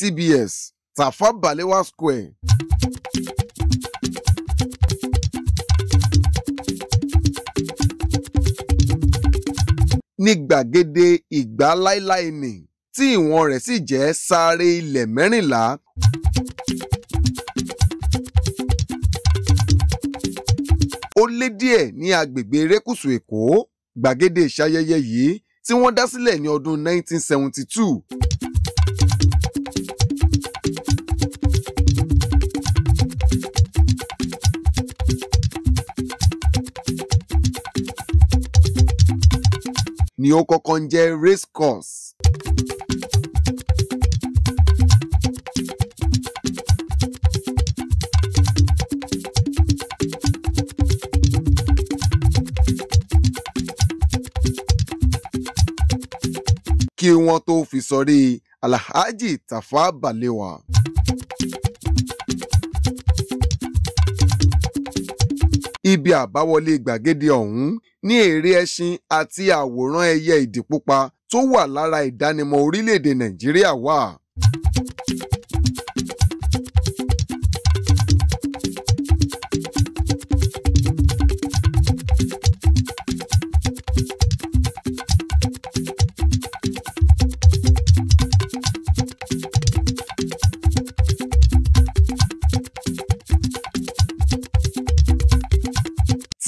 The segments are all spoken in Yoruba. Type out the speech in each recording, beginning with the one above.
TBS Tafa Balewa Square. ní gbàgede ìgbà láíláí ni tí ìwọ̀n rẹ̀ sì jẹ́ sáré ilẹ̀ mẹ́rìnlá. ó lé díẹ̀ ní agbègbè erékùṣù Èkó gbàgede ìṣayẹyẹ yìí tí wọ́n dá sílẹ̀ ní ọdún 1972. ni ó kọ́kọ́ ń jẹ́ race course. kí wọ́n tó fi sọrí Alhaji Tafa Balewa. ibi àbáwọlé gbàgede ọ̀hún ní ère ẹṣin àti àwòrán ẹyẹ ìdì pupa tó wà lára ìdánimọ̀ orílẹ̀-èdè Nàìjíríà wà.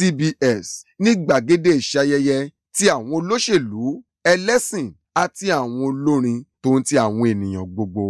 CBS ní gbàgede ìṣayẹyẹ ti àwọn olóṣèlú ẹlẹ́sìn àti àwọn olórin tòun ti àwọn ènìyàn gbogbo.